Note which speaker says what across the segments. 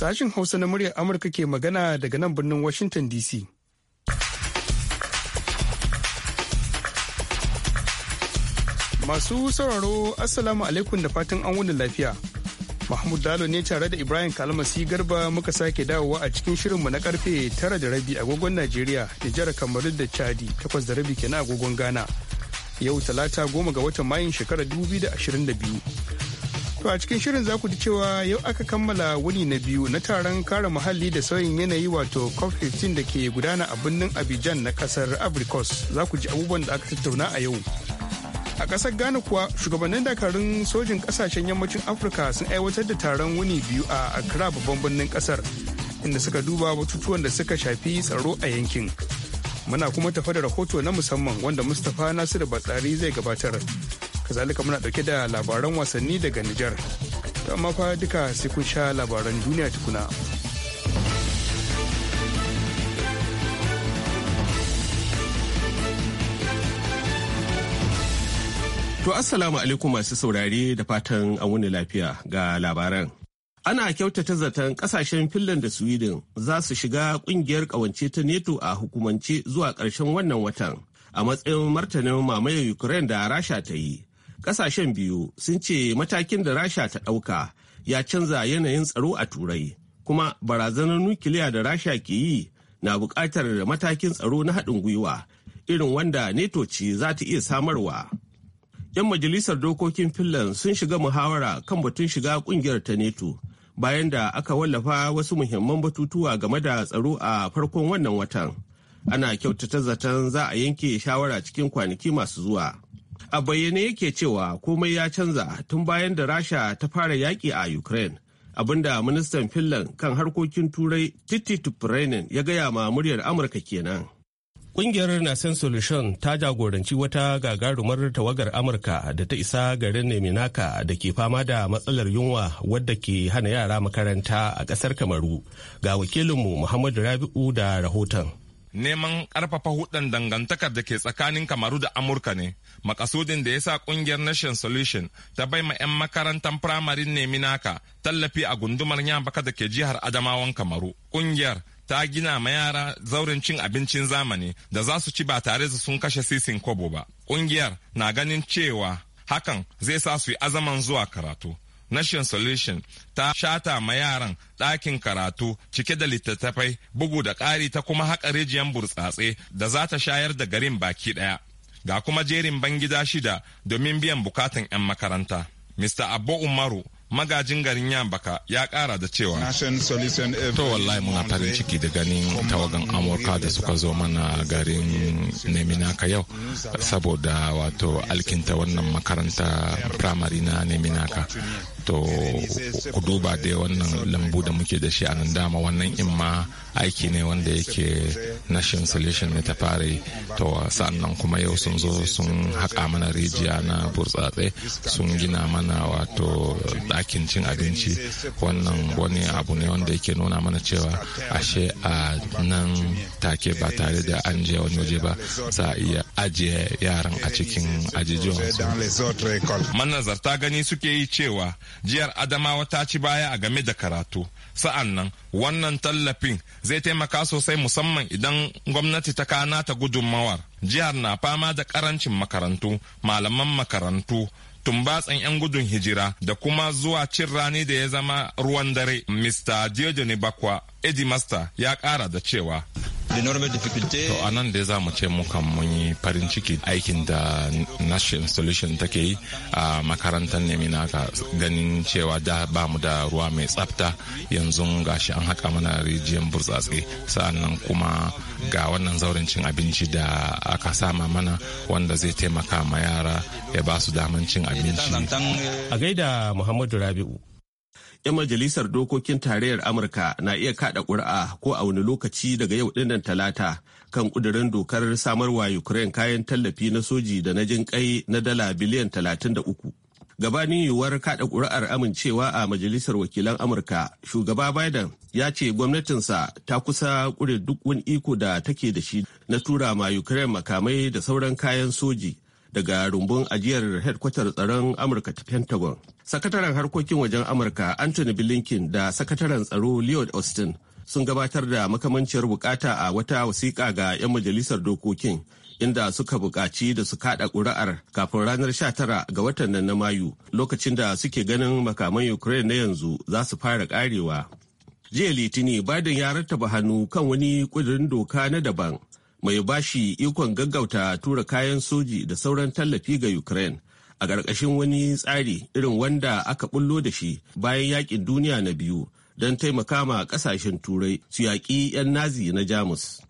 Speaker 1: sashen Hausa na muryar Amurka ke magana daga nan birnin Washington DC. Masu sauraro Assalamu alaikum da fatan an wuni lafiya. Mahmud Dalo ne tare da Ibrahim Kalmasi Garba muka sake dawowa a cikin shirinmu na karfe tara da rabi agogon Najeriya, Nijar Kamaru da Chadi, takwas da rabi kenan agogon Ghana. Yau talata goma ga watan Mayun shekarar 2022. To a cikin shirin za ku ji cewa yau aka kammala wuni na biyu na taron kare muhalli da sauyin yanayi wato COP15 da ke gudana a birnin Abidjan na kasar Abrikos. Za ku ji abubuwan da aka tattauna a yau. A ƙasar Ghana kuwa shugabannin dakarun sojin kasashen yammacin Afirka sun aiwatar da taron wuni biyu a Accra babban birnin ƙasar inda suka duba batutuwan da suka shafi tsaro a yankin. Muna kuma tafa da rahoto na musamman wanda Mustapha Nasiru Batsari zai gabatar. kazalika muna dauke da labaran wasanni daga Nijar. To amma fa duka sai kun sha labaran duniya tukuna.
Speaker 2: To assalamu alaikum masu saurare da fatan an wuni lafiya ga labaran. Ana kyautata zaton kasashen Finland da Sweden za su shiga kungiyar kawance ta NATO a hukumance zuwa karshen wannan watan a matsayin martanin mamayar Ukraine da Rasha ta yi. Ƙasashen biyu sun ce matakin da Rasha ta ɗauka ya canza yanayin tsaro a Turai, kuma barazanar nukiliya da Rasha ke yi na buƙatar matakin tsaro na haɗin gwiwa irin wanda neto ce za ta iya samarwa. 'Yan majalisar dokokin Finland sun shiga muhawara kan batun shiga ƙungiyar ta neto bayan da aka wallafa wasu muhimman batutuwa game da tsaro a farkon wannan watan. Ana kyautata zaton za a yanke shawara cikin kwanaki masu zuwa. A bayyane yake cewa komai ya canza tun bayan da Rasha ta fara yaƙi a Ukraine. abinda ministan Finland kan harkokin turai Titi tupurainen ya gaya ma muryar Amurka kenan. Ƙungiyar Nasen Solution ta jagoranci wata gagarumar tawagar Amurka da ta isa garin Neminaka da ke fama da matsalar yunwa wadda ke hana yara makaranta a ƙasar Kamaru ga wakilinmu Muhammadu Rabi'u da rahoton.
Speaker 3: neman ƙarfafa hudun dangantakar da ke tsakanin kamaru da amurka ne makasudin da ya sa ƙungiyar nation solution ta bai ma 'yan makarantar firamarin nemi naka tallafi a gundumar yambaka da ke jihar adamawan kamaru ƙungiyar ta gina ma yara zauren cin abincin zamani da za su ci ba tare da sun kashe sisin kobo ba ƙungiyar na ganin cewa hakan zai sa su yi azaman zuwa karatu Nation Solution ta shata ma yaran ɗakin karatu cike da littattafai bugu da ƙari ta kuma haƙa rijiyar burtsatse da za ta shayar da garin baki ɗaya. Ga kuma jerin bangida shida domin biyan bukatan 'yan makaranta. Mr. Abbo Umaru magajin garin yambaka
Speaker 4: ya kara da cewa
Speaker 3: to wallahi muna
Speaker 4: farin ciki da ganin tawagan amurka da suka zo mana garin neminaka yau saboda wato alkinta wannan makaranta primary na neminaka to ku duba dai wannan lambu da muke da shi a nan dama wannan in ma aiki ne wanda yake national solution ne ta yi to sannan kuma yau sun zo sun haƙa mana rijiya na burtsatse sun gina mana wato hakkin cin abinci wannan wani abu ne wanda yake nuna mana cewa ashe a nan take ba tare da an je wani waje ba za a iya ajiye yaran a cikin ajijuwan
Speaker 3: manazarta gani suke yi cewa jiyar adamawa ta ci baya a game da karatu sa'an nan wannan tallafin zai taimaka sosai musamman idan gwamnati ta kana ta gudunmawar jihar na fama da karancin makarantu malaman makarantu tumbatsan 'yan gudun hijira da kuma zuwa cin rani da ya zama ruwan dare. Mr. Diodone Bakwa Master ya kara da cewa The normal
Speaker 4: difficulty to anan da za mu ce muka mun yi farin ciki aikin da national solution take yi a makarantar nemi ka ganin cewa da ba mu da ruwa mai tsafta yanzu gashi an haka mana rijiyar burtsatse sa'annan kuma ga wannan zauren cin abinci da aka sama mana wanda zai taimaka ma yara ya ba su daman cin abinci a gaida muhammadu rabi'u 'yan
Speaker 2: majalisar dokokin tarayyar amurka na iya kada ƙuri'a ko a wani lokaci daga yau dinnan talata kan ƙudurin dokar samarwa ukraine kayan tallafi na soji da na jin kai na dala biliyan 33 gabanin yiwuwar kada kuri'ar amincewa a majalisar wakilan amurka shugaba biden ya ce gwamnatinsa ta kusa ƙuri duk wani iko da take da shi na tura ma ukraine makamai da sauran kayan soji daga rumbun ajiyar hedkwatar tsaron amurka ta pentagon sakataren harkokin wajen amurka anthony blinken da sakataren tsaro leo austin sun gabatar da makamanciyar bukata a wata wasiƙa ga 'yan majalisar dokokin inda suka buƙaci da su kaɗa ƙuri'ar kafin ranar 19 ga watan nan na mayu lokacin da suke ganin makaman ukraine na yanzu za su fara ƙarewa jiya litini biden ya rattaba hannu kan wani ƙudurin doka na daban mai bashi ikon gaggauta tura kayan soji da sauran tallafi ga ukraine a ƙarƙashin wani tsari irin wanda aka bullo da shi bayan yakin duniya na biyu don taimaka ma ƙasashen turai su yaƙi 'yan nazi na jamus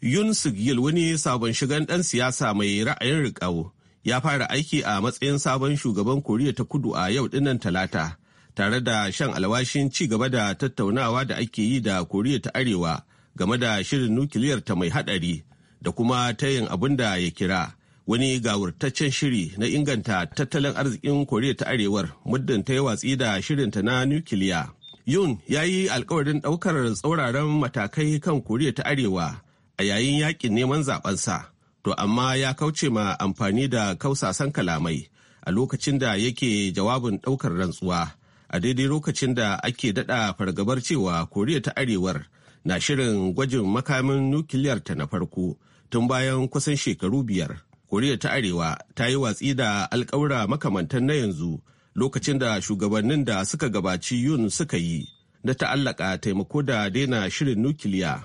Speaker 2: yun sigil wani sabon shigan ɗan siyasa mai ra'ayin riƙau ya fara aiki a matsayin sabon shugaban koriya ta kudu a yau dinnan talata tare da shan alwashin ci gaba da tattaunawa da ake yi da koriya ta arewa game da shirin nukiliyar ta mai haɗari da kuma tayin abin da ya kira wani gawurtaccen shiri na inganta tattalin arzikin koriya ta arewar muddin ta yi watsi da shirinta na nukiliya yun ya yi alkawarin ɗaukar tsauraran matakai kan koriya ta arewa a yayin yakin neman zabensa to amma ya kauce ma amfani da kausasan kalamai a lokacin da yake jawabin ɗaukar rantsuwa a daidai lokacin da ake daɗa fargabar cewa koriya ta arewar na shirin gwajin makamin nukiliyar ta na farko tun bayan kusan shekaru biyar. Koriya ta Arewa ta yi watsi da alkawura makamantan na yanzu lokacin da shugabannin da suka gabaci yun suka yi da ta'allaka taimako da daina shirin nukiliya.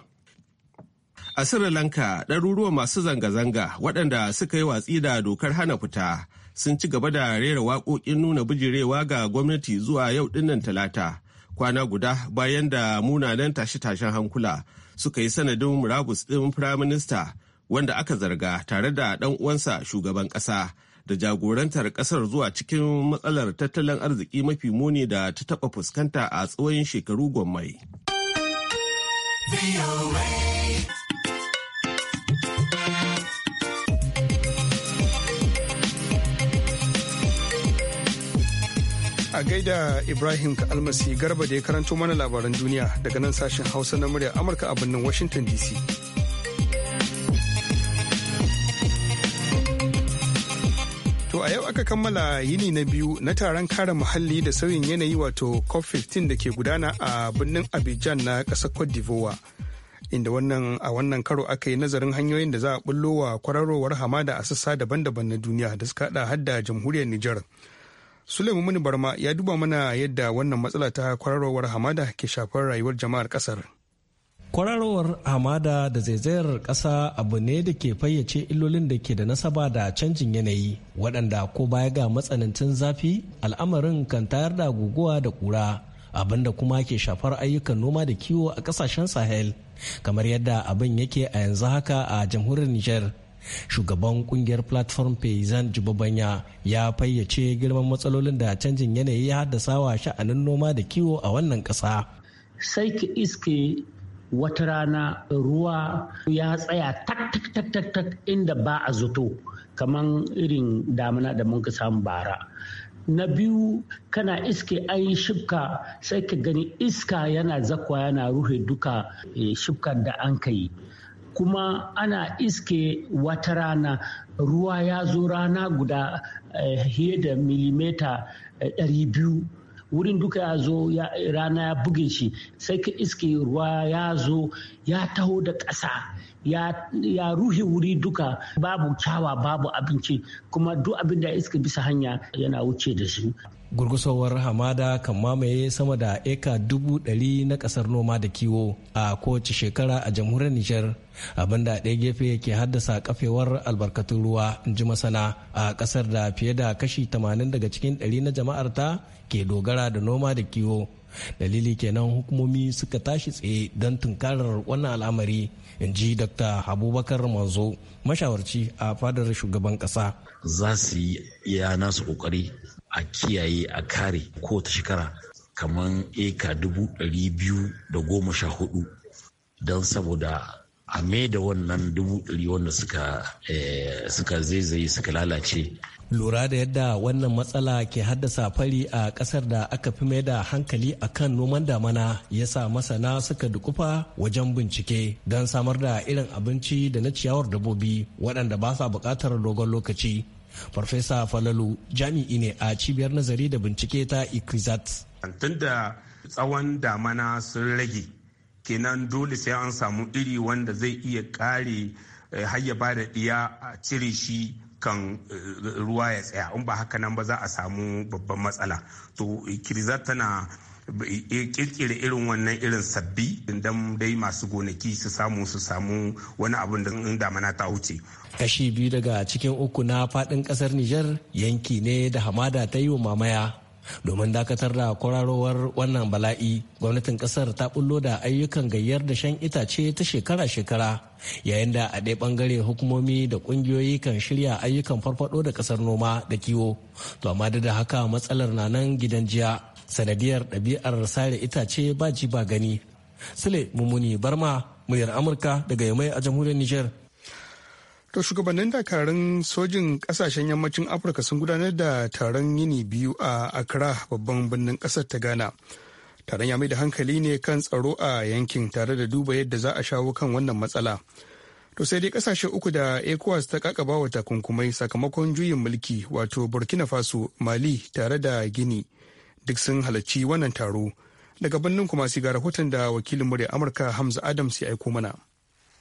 Speaker 2: A Sri Lanka, ɗaruruwa masu zanga-zanga waɗanda suka yi watsi da dokar hana fita sun ci gaba da rera waƙoƙin nuna bijirewa ga gwamnati zuwa yau ɗinnan talata kwana guda bayan da munanan tashe-tashen hankula suka yi sanadin murabus ɗin firaminista wanda aka zarga tare da ɗan uwansa shugaban ƙasa da jagorantar ƙasar zuwa cikin matsalar tattalin arziki mafi muni da ta taɓa fuskanta a tsawon shekaru gwammai.
Speaker 1: A gaida Ibrahim Almasi Garba da ya karanto mana labaran duniya daga nan sashen Hausa na muryar Amurka a birnin Washington DC. To a yau aka kammala yini na biyu na taron kare muhalli da sauyin yanayi wato COP15 da ke gudana a birnin Abidjan na ƙasar Cote d'Ivoire. Inda wannan a wannan karo aka yi nazarin hanyoyin da za a bullo wa kwararowar hamada a sassa daban-daban na duniya da suka hada hadda jamhuriyar Nijar. Suleiman mini Barma ya duba mana yadda wannan matsala ta kwararowar hamada ke shafar rayuwar jama'ar kasar.
Speaker 5: Kwararowar hamada da zaizayar ƙasa abu ne da ke fayyace illolin da ke da nasaba da canjin yanayi waɗanda ko baya ga matsanancin zafi al'amarin kan tayar da guguwa da ƙura abin da kuma ke shafar ayyukan noma da kiwo a ƙasashen sahel kamar yadda abin yake a yanzu haka a jamhuriyar Nijar. shugaban kungiyar platform paysan jibabanya ya fayyace girman matsalolin da canjin yanayi ya haddasa wa sha'anin noma da kiwo a wannan ƙasa. sai ka iske wata rana ruwa ya tsaya tak tak tak tak tak inda ba a zato kaman irin damina da mun samu bara na biyu kana iske an yi shifka sai ka gani iska yana zakwa yana ruhe duka eh, shifkar da an ka kuma ana iske wata rana ruwa ya zo rana guda eh, fiye da milimeta eh, 200 wurin duka ya zo rana ya buge shi sai ka iske ruwa ya zo ya taho da ƙasa ya ruhi wuri duka babu kyawa babu abinci kuma duk abin da iske bisa hanya yana wuce da shi gurgusowar hamada kan mamaye sama da eka dubu ɗari na ƙasar noma da kiwo a kowace shekara a jamhuriyar nijar abinda ɗaya gefe ke haddasa kafewar albarkatun ruwa in ji masana a ƙasar da fiye da kashi 80 daga cikin ɗari na jama'ar ta ke dogara da noma da kiwo dalili kenan hukumomi suka tashi tsaye don tunkarar wannan al'amari in ji dr abubakar manzo mashawarci a fadar shugaban ƙasa za su yi iya nasu ƙoƙari. a kiyaye a kare kowace shekara kamar eka dubu ɗari biyu da goma sha hudu don saboda a da wannan dubu ɗari wanda eh, suka zaizaye suka lalace lura da yadda wannan matsala ke haddasa fari a kasar da aka fi mai da hankali a kan noman damana ya sa masana suka dukufa wajen bincike don samar da irin abinci da na ciyawar dabobi waɗanda ba sa buƙatar dogon lokaci Farfesa Falalu jami'i ne a cibiyar nazari da bincike ta Ikrizat. Tun da
Speaker 1: tsawon damana sun rage kenan dole sai an samu iri wanda zai iya kare eh, hayya ba da ɗiya a cire shi kan eh, ruwa ya tsaya in ba haka nan ba za a samu babban matsala to Ikrizat tana eh, kirkira irin wannan irin sabbi idan dai masu gonaki su samu su samu wani abun da damana ta wuce
Speaker 5: kashi biyu daga cikin uku na fadin kasar Nijar yanki ne da hamada ta yi wa mamaya. Domin dakatar da kwararowar wannan bala'i, gwamnatin kasar ta bullo da ayyukan gayyar da shan itace ta shekara-shekara, yayin da a ɗaya ɓangare hukumomi da ƙungiyoyi kan shirya ayyukan farfaɗo da ƙasar noma da kiwo. To amma da haka matsalar na nan gidan jiya, sanadiyar ɗabi'ar sare itace ba ji ba gani. Sule Mumuni Barma, muryar Amurka daga Yamai a jamhuriyar Nijar. To shugabannin dakarun sojin kasashen yammacin Afirka
Speaker 1: sun gudanar da taron yini biyu a Accra babban birnin kasar ta Ghana. Taron ya mai da hankali ne kan tsaro a yankin tare da duba yadda za a shawo kan wannan matsala. To sai dai kasashe uku da ECOWAS ta kaka bawa takunkumai sakamakon juyin mulki wato Burkina Faso, Mali tare da Gini duk sun halarci wannan taro. Daga birnin kuma sigara rahoton da wakilin murya Amurka Hamza Adams ya aiko mana.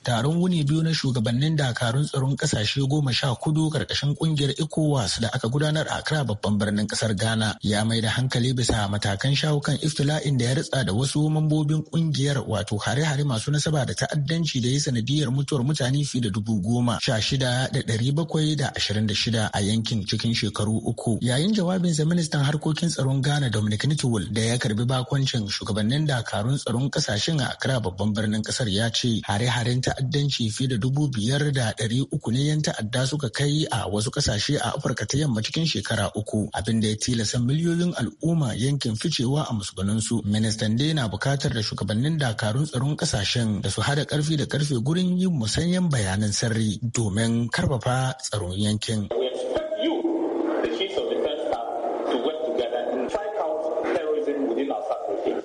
Speaker 6: taron wuni biyu na shugabannin dakarun tsaron kasashe goma sha kudu karkashin kungiyar ecowas da aka gudanar a accra babban birnin kasar ghana ya mai da hankali bisa matakan shawo kan iftila'in da ya ritsa da wasu mambobin kungiyar wato hare-hare masu nasaba da ta'addanci da ya sanadiyar mutuwar mutane fiye da dubu goma sha shida da ɗari bakwai da ashirin da shida a yankin cikin shekaru uku yayin jawabinsa ministan harkokin tsaron ghana dominic nitiwul da ya karbi bakoncin shugabannin dakarun tsaron kasashen a accra babban birnin kasar ya ce hare-haren ta ta'addanci fiye da dubu biyar da ɗari uku ne yan ta'adda suka kai a wasu ƙasashe a Afirka ta yamma cikin shekara uku abin da ya tilasta miliyoyin al'umma yankin ficewa a musgunansu. Ministan dai na bukatar da shugabannin dakarun tsaron ƙasashen da su haɗa ƙarfi da ƙarfe gurin yin musanyen bayanan sirri domin karfafa tsaron yankin.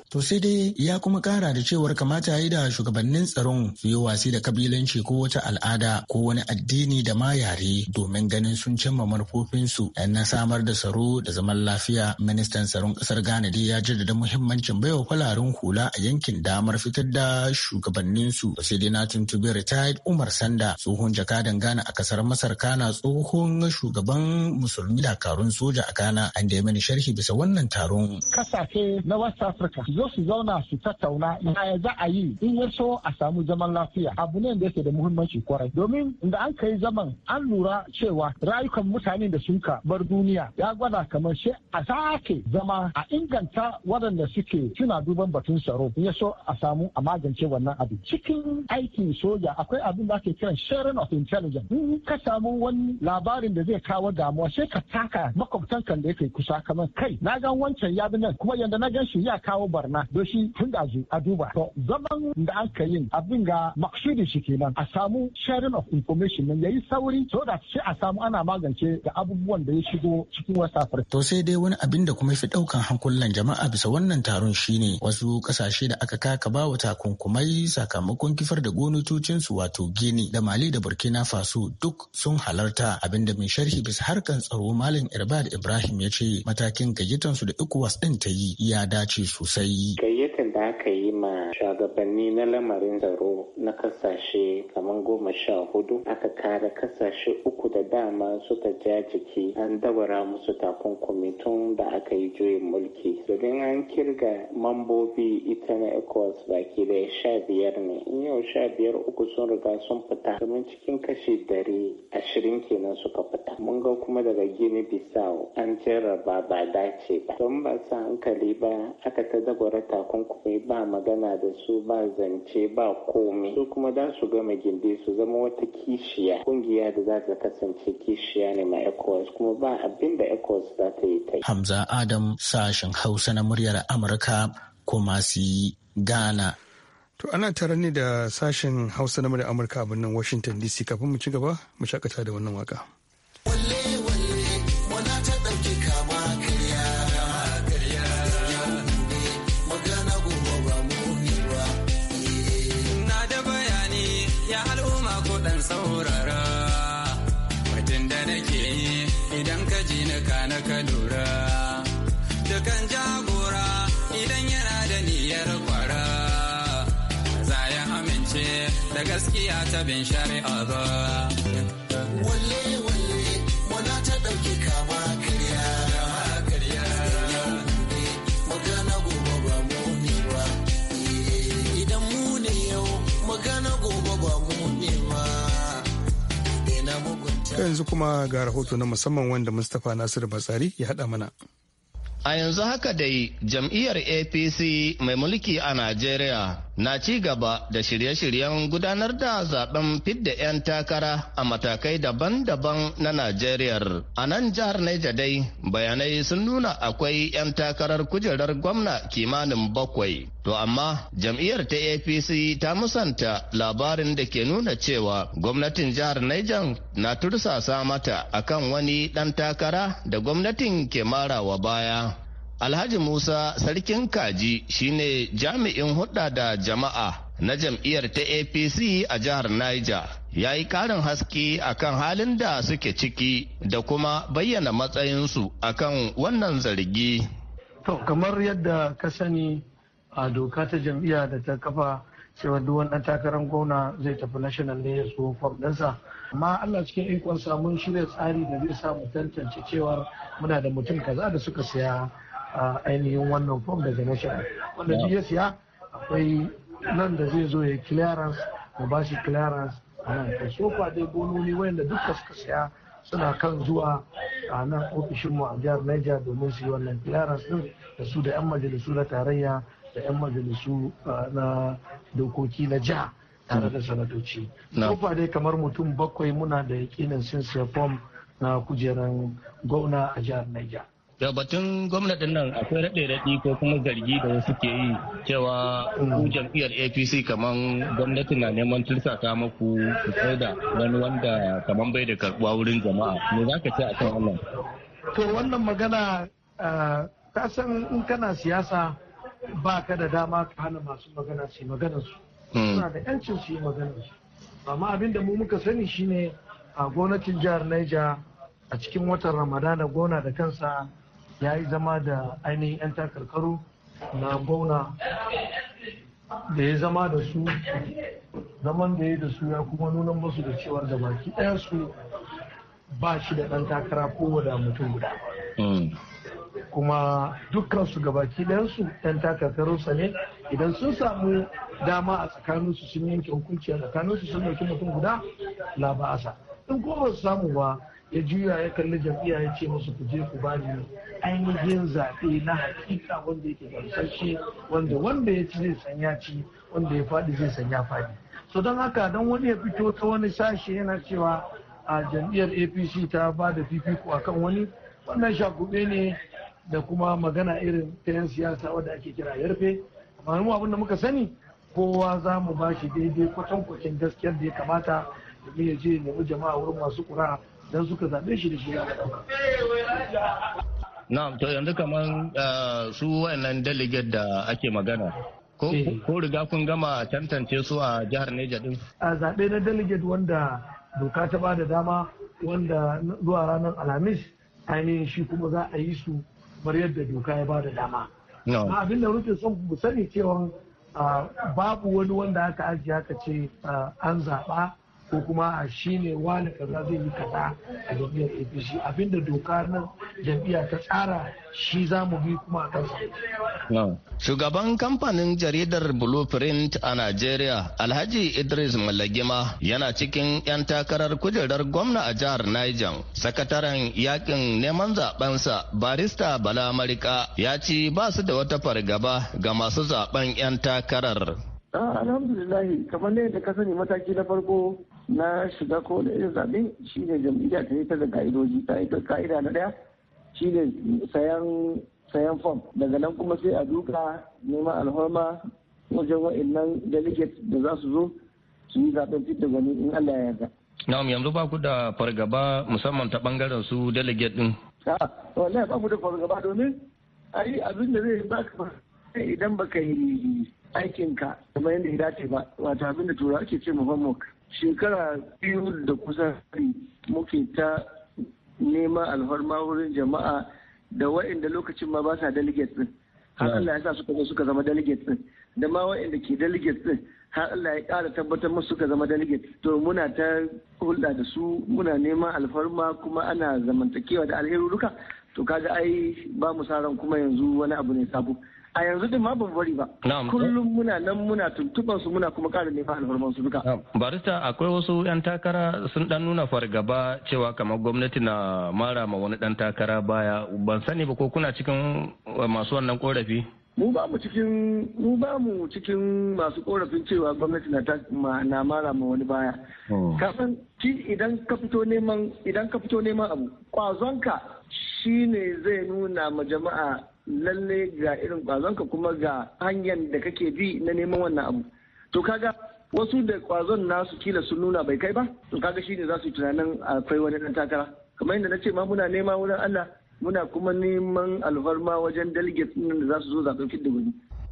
Speaker 6: To sai dai ya kuma kara da cewar kamata yi da shugabannin tsaron su yi wasi da kabilanci ko wata al'ada ko wani addini da ma yare domin ganin sun cimma manufofinsu na samar da tsaro da zaman lafiya. Ministan tsaron kasar Ghana dai ya jaddada muhimmancin baiwa kwalarin hula a yankin damar fitar da shugabanninsu. To sai dai na tuntubi retired Umar Sanda tsohon jakadan Ghana a kasar Masar Kana tsohon shugaban musulmi dakarun soja a Ghana an da mini sharhi bisa wannan taron.
Speaker 7: Kasashe na West Africa su zauna su tattauna yaya za a yi in ya so a samu zaman lafiya abu ne da yake da muhimmanci kwarai domin da an kai zaman an lura cewa rayukan mutane da sun ka bar duniya ya gwada kamar shi a sake zama a inganta waɗanda suke suna duban batun tsaro in ya so a samu a magance wannan abu cikin aikin soja akwai abin da ake kiran sharing of intelligence in ka samu wani labarin da zai kawo damuwa sai ka taka makwabtan kan da yake kusa kamar kai na gan wancan ya nan kuma yanda na gan shi ya kawo barna barna da shi tun da a duba to zaman da aka yin abin ga maksudi shi kenan a samu sharing of information nan yayi sauri so da shi a samu ana magance da abubuwan da ya
Speaker 6: shigo cikin wasa to sai dai wani abin da kuma fi daukan hankulan jama'a bisa wannan taron shine wasu kasashe da aka kaka bawa takunkumai sakamakon kifar da gonotocinsu wato gini da mali da burkina faso duk sun halarta abinda mai sharhi bisa harkan tsaro malam irbad ibrahim ya ce matakin gayyatansu da ikowas ɗin ta yi ya dace sosai yi gayyatan da aka yi shagabanni na lamarin tsaro na kasashe kamar goma sha hudu aka kare kasashe uku da dama suka ja jiki an dabara musu takunkumi tun da aka yi juyin mulki domin an kirga mambobi ita na ecowas baki da sha biyar ne in yau sha biyar uku sun riga sun fita domin cikin kashi dari ashirin kenan suka fita mun ga kuma daga gini bisau an jarraba ba dace ba don ba sa hankali ba aka ta dagwara takunkumi ba magana da su ba zance ba komi. su kuma za su gama gindi su zama wata kishiya kungiya da za ta kasance kishiya ne ma ECOWAS kuma ba abin da ECOWAS za ta yi ta Hamza Adam sashen Hausa na muryar Amurka kuma su yi Ghana. To ana tare ne da sashen Hausa na muryar Amurka a
Speaker 1: birnin Washington DC kafin mu ci gaba mu shakata da wannan waka.
Speaker 5: dan saurara mutum da nake yi idan ka ji na kana ka lura dukan jagora idan yana da niyyar kwara za ya amince da gaskiya ta bin shari'a ba.
Speaker 1: To yanzu kuma ga rahoto na musamman wanda Mustapha Nasiru Batsari ya haɗa mana.
Speaker 8: A yanzu haka dai jam'iyyar APC mai mulki a Najeriya na ci gaba da shirye-shiryen gudanar da zaben fidda 'yan takara a matakai daban-daban na Najeriya. A nan jihar Neja dai bayanai sun nuna akwai 'yan takarar kujerar gwamna kimanin bakwai. To amma jam'iyyar ta APC ta musanta labarin da ke nuna cewa gwamnatin jihar Niger na tursasa mata akan wani ɗan takara da gwamnatin ke marawa baya. Alhaji Musa Sarkin Kaji shine jami'in hudda da jama'a na jam'iyyar ta APC a jihar Niger. Ya yi karin haske akan halin da suke ciki da kuma bayyana matsayinsu akan wannan zargi.
Speaker 9: To, kamar yadda ka sani a doka ta jam'iyya da ta kafa cewa duk wani takarar gwamna zai tafi national ne ya so fom amma allah cikin ikon samun shirya tsari da zai samu tantance cewar muna da mutum kaza da suka siya a ainihin wannan form daga national wanda duk ya akwai nan da zai zo ya clearance mu ba shi clearance a nan to so dai gononi wayanda duka suka siya suna kan zuwa a nan ofishinmu a jihar Niger domin su yi wannan clearance din da su da 'yan majalisu na tarayya da 'yan majalisu na dokoki na jiha tare da sanatoci. sofa dai kamar mutum bakwai muna da yakinin sun fom na kujeran gwamna
Speaker 8: a jihar Niger. da batun gwamnatin nan akwai raɗe raɗi ko kuma zargi da wasu ke yi cewa ku jam'iyyar apc kamar gwamnati na neman ta maku ku da wani wanda kamar bai da karɓuwa wurin jama'a me za ka ce a kan wannan
Speaker 9: to wannan magana ka san in kana siyasa ba ka da dama ka hana masu magana su magana su hmm. suna da yancin su yi magana su amma abin da mu muka sani shine a gwamnatin jihar Niger a cikin watan Ramadana gona da kansa ya yi zama da ainihin 'yan takarkaru na gona da ya zama da su zaman da ya da su ya kuma nuna musu da cewar da baki ɗaya su ba shi da ɗan takara ko mutum guda hmm. kuma dukkan su gabaki ɗayansu ɗan takarkaru ne idan sun samu dama a tsakaninsu sun yanke hukunci a tsakaninsu sun ɗauki mutum guda laba'asa in ko ba su samu ba ya juya ya kalli jam'iyya ya ce masu ku je ku ba ni ainihin zaɓe na hakika wanda yake gamsashe wanda wanda ya ci zai sanya ci wanda ya faɗi zai sanya fadi faɗi so don haka don wani ya fito ta wani sashe yana cewa a jam'iyyar apc ta ba da fifiko a kan wani wannan shakube ne da kuma magana irin ta 'yan siyasa wadda ake kira yarfe amma mu abin da muka sani kowa za mu ba shi daidai kwacin gaskiyar da ya kamata domin ya je nemi jama'a wurin masu ƙura don suka zaɓe shi da shi
Speaker 8: Na'am to yanzu kamar ah, su wayannan delegate da ake magana. Eh. Ko riga kun gama tantance su a jihar Neja din? A zaɓe na delegate
Speaker 9: wanda doka ta ba da dama wanda zuwa ranar Alhamis ainihin shi kuma za a yi su bar yadda doka ya ba da dama. Na abin da rufe son ku sani cewa ah, babu wani wanda aka ajiye aka ce ah, an zaɓa ko kuma shi ne wani kaza zai yi kaza a jam'iyyar apc abinda doka nan jam'iyya ta tsara shi za mu bi kuma a kansa.
Speaker 8: shugaban kamfanin jaridar blueprint a najeriya alhaji idris malagima yana cikin 'yan takarar kujerar gwamna a jihar niger sakataren yakin neman zabensa barista bala marika ya ci ba su da wata fargaba ga masu zaɓen 'yan takarar
Speaker 7: ah, alhamdulillah kamar ne da ka sani mataki na farko na shiga ko da yin zaɓe shi ne jam'iyya ta yi ta da ka'idoji ta yi ta ka'ida na ɗaya shi ne sayan fom daga nan kuma sai a duka neman alhorma wajen nan delegate da za su zo su yi zaɓen da gwani in Allah ya yarda.
Speaker 8: Na'am yanzu ba ku da fargaba musamman ta bangaren su delegate din.
Speaker 7: A wallahi ba ku da fargaba domin ai abin da zai ba ka idan baka yi aikinka kamar yadda ya dace ba wata abin da turawa ke ce mu homework. shekara biyu da kusan muke ta neman alfarma wurin jama'a da wa'inda lokacin ma ba sa delegate din har Allah ya sa suka zo suka zama delegate din da ma wa'inda ke delegate din har Allah ya ƙara tabbatar musu suka zama delegate to muna ta hulɗa da su muna neman alfarma kuma ana zamantakewa da alheruruka to kaga ai ba mu sa ran kuma yanzu wani abu ne sabo a yanzu din ma ban bari ba kullum muna nan muna tuntuban su muna kuma ƙara neman alfarman su duka
Speaker 8: barista akwai wasu yan takara sun dan nuna fargaba cewa kamar gwamnati na mara ma wani dan takara baya ban sani ba ko kuna cikin eh, masu wannan korafi
Speaker 7: mu ba mu cikin mu ba mu cikin masu korafin cewa gwamnati na na mara ma wani baya oh. kafin idan ka fito neman idan ka fito neman abu kwazonka shine zai nuna ma jama'a lalle ga irin kwazonka kuma ga hanyar da kake bi na neman wannan abu to kaga wasu da kwazon nasu kila sun nuna bai kai ba to kaga shine za su yi tunanin akwai wani dan takara kamar yadda na ce ma muna nema wurin Allah muna kuma neman alfarma wajen delegates da za su zo zaɓen fidda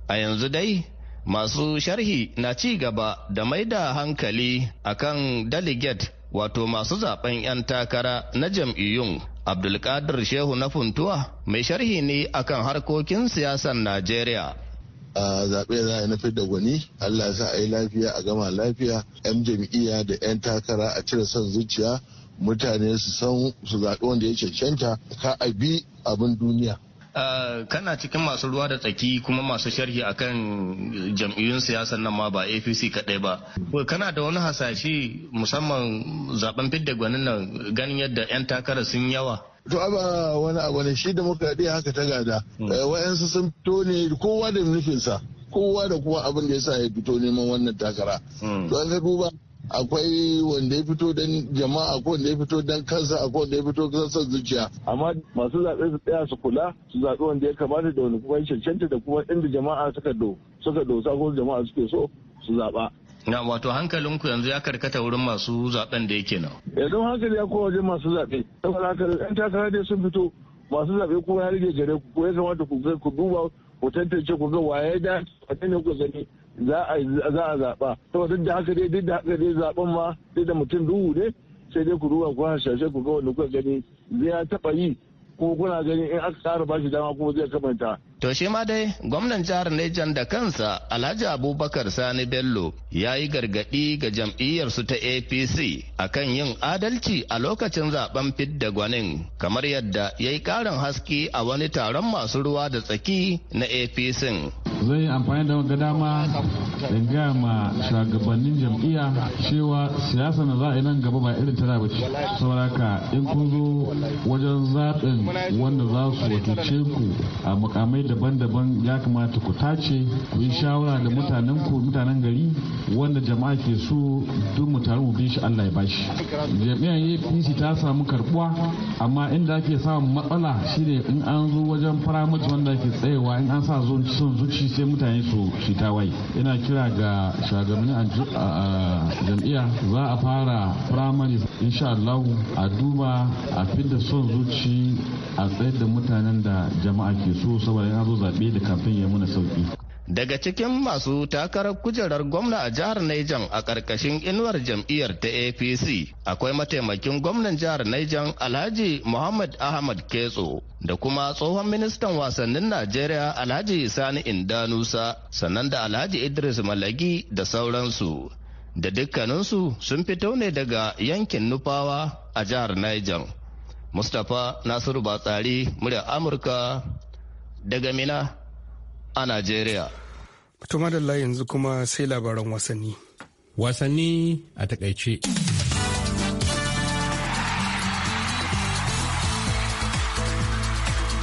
Speaker 8: a yanzu dai masu sharhi na ci gaba da mai da hankali akan delegate wato masu zaben 'yan takara na jam'iyyun Abdulkadir Shehu na Funtuwa mai sharhi ne akan harkokin siyasar Najeriya.
Speaker 10: a zaɓe za a nufi da gwani allah sa a yi lafiya a gama lafiya 'yan jam'iyya da 'yan takara a cire son zuciya mutane su san su zaɓi wanda ya cancanta ka a bi abin duniya
Speaker 8: Eh, kana cikin masu ruwa da tsaki kuma masu sharhi a kan jam'iyyun siyasar nan ma ba apc kadai ba kana da wani hasashe musamman zaben fidda gwanin nan ganin yadda 'yan takara sun yawa
Speaker 10: to aba wani abu ne shi demokradiyya haka ta gada hmm. eh, wa'yansu sun fito ne kowa da nufinsa kowa da kuma abin da ya sa ya fito neman wannan takara hmm. to an ga duba akwai wanda ya fito don jama'a akwai wanda ya fito don kansa akwai wanda ya fito kansa zuciya amma masu zaɓe su tsaya su kula su zaɓi wanda ya kamata da wani kuma cancanta da kuma inda jama'a suka do suka dosa ko jama'a suke so su zaɓa
Speaker 8: Na wato hankalinku yanzu ya karkata wurin
Speaker 10: masu zaben da yake nan. Yanzu eh, hankali ya kowa wajen masu zaɓe. Saboda haka ɗan takara dai sun fito masu zaɓe kuma ya rige gare ku ko ya kamata ku duba ku tantance ku ga waye da wani ne ku gani za a zaɓa to duk da haka dai duk da haka dai zaɓen ma duk da mutum duhu ne sai dai ku duba ku hashashe ku ga wani kuka gani zai ya taɓa yi ko kuna gani in aka ƙara bashi dama kuma zai kamanta
Speaker 8: To shi ma dai gwamnan jihar Nejan da kansa Alhaji Abubakar Sani Bello ya yi gargaɗi ga jam'iyyarsu ta APC a kan yin adalci a lokacin zaben fidda gwanin kamar yadda ya yi ƙarin haske a wani taron masu ruwa da tsaki na APC.
Speaker 10: Zai amfani da wata dama in gaya ma shugabannin jam'iyya cewa siyasa na za a yi nan gaba ba irin tana ba ce. Sauraka in kun zo wajen zaɓin wanda za su wakilce ku a mukamai daban-daban ya kamata ku tace ku yi shawara da mutanen ku mutanen gari wanda jama'a ke so duk mu mu bi shi Allah ya bashi jami'an APC ta samu karbuwa amma inda ake samun matsala shine in an zo wajen firamit wanda ke tsayewa in an sa son zuci sai mutane su shi wai ina kira ga shugabannin jam'iyya za a fara firamare insha Allah a duba a fidda son zuci a tsayar da mutanen da jama'a ke so saboda ya zo zaɓe da kafin ya muna sauki. Daga
Speaker 8: cikin masu takarar kujerar gwamna a jihar Niger a ƙarƙashin inuwar jam'iyyar ta APC akwai mataimakin gwamnan jihar Niger Alhaji Muhammad Ahmad Ketso da kuma tsohon ministan wasannin Najeriya Alhaji Sani Indanusa sannan da Alhaji Idris Malagi da sauransu. da dukkaninsu sun fito ne daga yankin nufawa a jihar Niger. Mustapha Nasiru Batsari murya Amurka daga Mina a Najeriya.
Speaker 1: Tuma yanzu kuma sai labaran wasanni. Wasanni a takaice.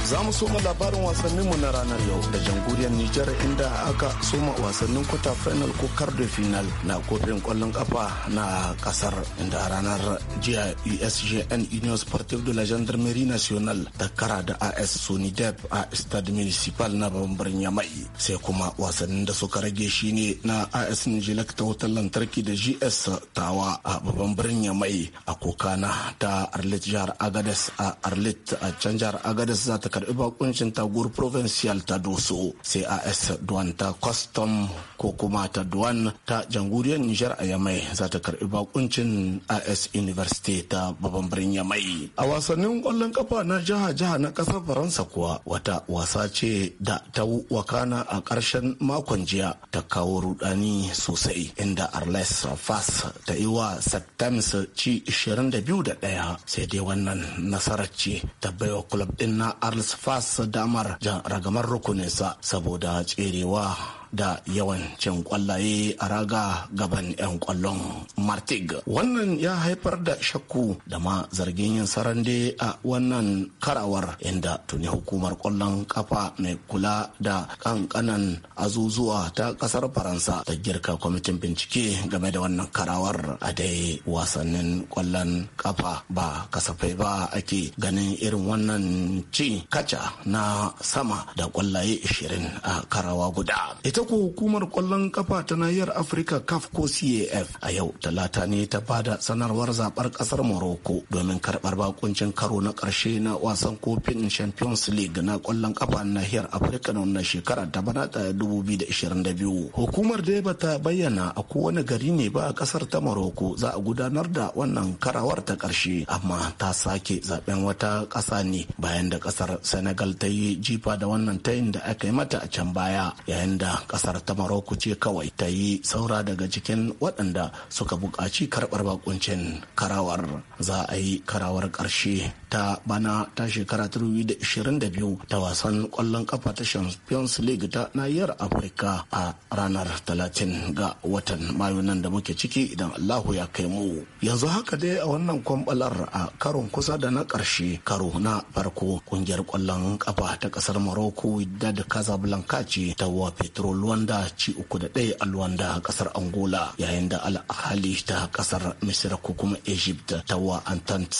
Speaker 11: Za mu soma labarin wasanninmu na ranar yau da jamhuriyar Nijar inda aka soma wasannin kwata final ko kardo final na kudin kwallon kafa na kasar inda ranar jiya USGN Union Sportive de la Gendarmerie Nationale ta kara da AS d'ep a Stade Municipal na bambarin Yamai. Sai kuma wasannin da suka rage shine na AS Nijilak ta wutar lantarki da GS Tawa a babban birnin Yamai a Kokana ta Arlit jihar Agades a Arlit a can jihar Agades za ta karbi bakuncin tagur provincial ta doso sai as duwan ta custom ko kuma ta duwan ta jamhuriyar nijar a yamai za ta karbi bakuncin as university ta babban birnin yamai a wasannin kwallon kafa na jiha jiha na kasar faransa kuwa wata wasa ce da ta wakana a ƙarshen makon jiya ta kawo rudani sosai inda arles fas ta yi wa septems ci 22 da ɗaya sai dai wannan nasarar ce ta baiwa kulab din na arles Fas fasa damar ragamar sa saboda tserewa da yawancin kwallaye a raga gaban 'yan kwallon martig wannan ya haifar da shakku da ma zargin yin sarande a wannan karawar inda tuni hukumar kwallon kafa mai kula da kankanan azuzuwa ta kasar faransa ta girka kwamitin bincike game da wannan karawar a dai wasannin kwallon kafa ba kasafai ba ake ganin irin wannan ci kaca na sama da kwallaye 20 a karawa guda ita ko hukumar kwallon kafa ta nahiyar Afirka CAF ko CAF a yau talata ne ta bada sanarwar zabar kasar Morocco domin karbar bakuncin karo na karshe na wasan kofin Champions League na kwallon kafa na nahiyar Afirka na wannan shekara ta bana ta biyu. Hukumar dai ta bayyana a kowane gari ne ba a kasar ta Morocco za a gudanar da wannan karawar ta karshe amma ta sake zaben wata kasa ne bayan da kasar Senegal ta yi jifa da wannan tayin da aka yi mata a can baya yayin da kasar ta maroko ce kawai ta yi saura daga cikin waɗanda suka buƙaci karɓar bakuncin karawar za a yi karawar ƙarshe ta bana ta shekara 2022 ta wasan ƙwallon ƙafa ta champions league ta nahiyar afirka a ranar talatin ga watan mayu nan da muke ciki idan allahu ya kai mu yanzu haka dai a wannan kwambalar a karon kusa da na ƙarshe karo na farko ƙungiyar ƙwallon ƙafa ta ƙasar maroko da casablanca ce ta wa petrol luwanda ci uku da ɗaya a luwanda kasar angola yayin da al'ahali ta kasar misir ko kuma egypt ta wa antant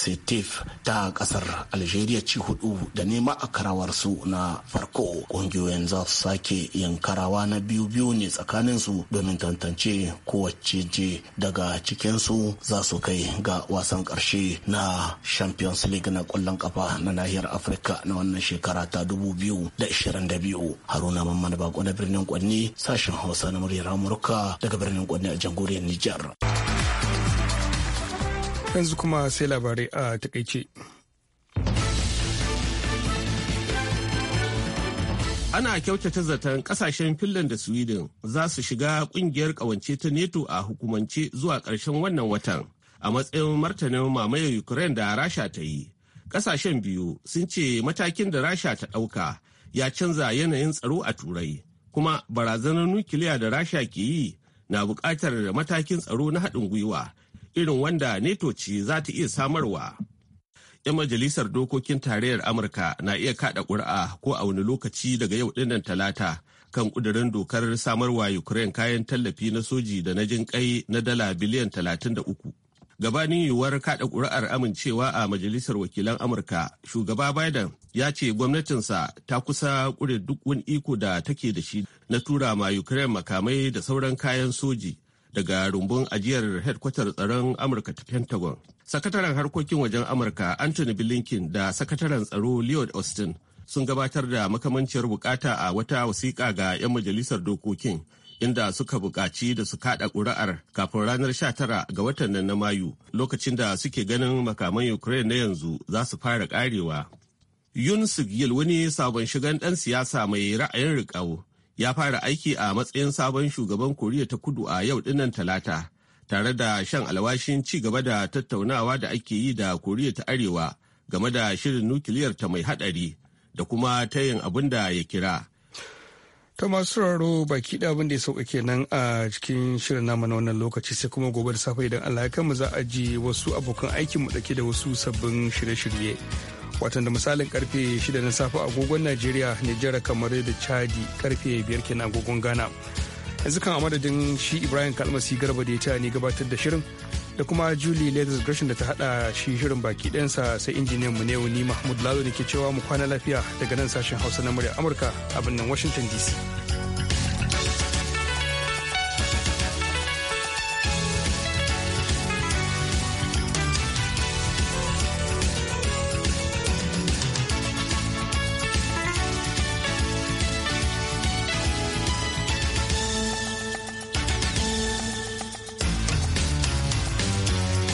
Speaker 11: ta kasar algeria ci hudu da nema a su na farko ƙungiyoyin za su sake yin karawa na biyu biyu ne su domin tantance kowace je daga cikinsu za su kai ga wasan ƙarshe na champions league na ƙwallon ƙafa na nahiyar afirka na wannan shekara ta biyu. haruna mamman bako na birnin kwanni sashen hausa na muryar amurka daga birnin kwanni a jamhuriyar nijar
Speaker 2: yanzu kuma sai labarai a takaice ana kyautata zaton kasashen finland da sweden za su shiga kungiyar kawance ta neto a hukumance zuwa ƙarshen wannan watan a matsayin martanin mamayar ukraine da rasha ta yi kasashen biyu sun ce matakin da rasha ta ɗauka ya canza yanayin tsaro a turai kuma barazanar nukiliya da rasha ke yi na buƙatar matakin tsaro na haɗin gwiwa irin wanda neto ce za ta iya samarwa. 'Yan majalisar dokokin tarayyar Amurka na iya kaɗa ƙuri'a ko a wani lokaci daga yau ɗinnan talata kan ƙudurin dokar samarwa Ukraine kayan tallafi na soji da na jin jinƙai na dala biliyan talatin da uku. gabanin yiwuwar kada kuri'ar amincewa a majalisar wakilan amurka shugaba biden ya ce gwamnatinsa ta kusa kure duk wani iko da take da shi na tura ma ukraine makamai da sauran kayan soji daga rumbun ajiyar hedkwatar tsaron amurka ta pentagon sakataren harkokin wajen amurka anthony blinken da sakataren tsaro lloyd austin sun gabatar da makamanciyar bukata a wata wasiƙa ga 'yan majalisar dokokin inda suka buƙaci da su kaɗa ƙuri'ar kafin ranar 19 ga watan nan na Mayu lokacin da suke ganin makaman Ukraine na yanzu za su fara ƙarewa. Yun Sigil wani sabon shigan ɗan siyasa mai ra'ayin riƙau ya fara aiki a matsayin sabon shugaban Koriya ta kudu a yau dinnan talata tare da shan alwashin ci gaba da tattaunawa da ake yi da Koriya ta Arewa game da shirin nukiliyar ta mai haɗari da kuma ta yin abin da ya kira
Speaker 1: ta masu sauraro baki da abin da ya sauka kenan a cikin shirin namu na wannan lokaci sai kuma gobe da safe idan Allah ya mu za a ji wasu abokan aikin mu dake da wasu sabbin shirye-shirye. Watan da misalin karfe 6 na safe agogon Najeriya, Nijar kamar da Chadi karfe 5 kenan agogon Ghana. Yanzu kan a madadin shi Ibrahim Kalmasi Garba da ya ta ni gabatar da shirin da kuma julie ladies gashin da ta hada shi shirin baki ɗansa sai injiniyan mu ne wani mahmud lalo da ke cewa mu kwana lafiya daga nan sashen hausa na murya amurka a birnin washington dc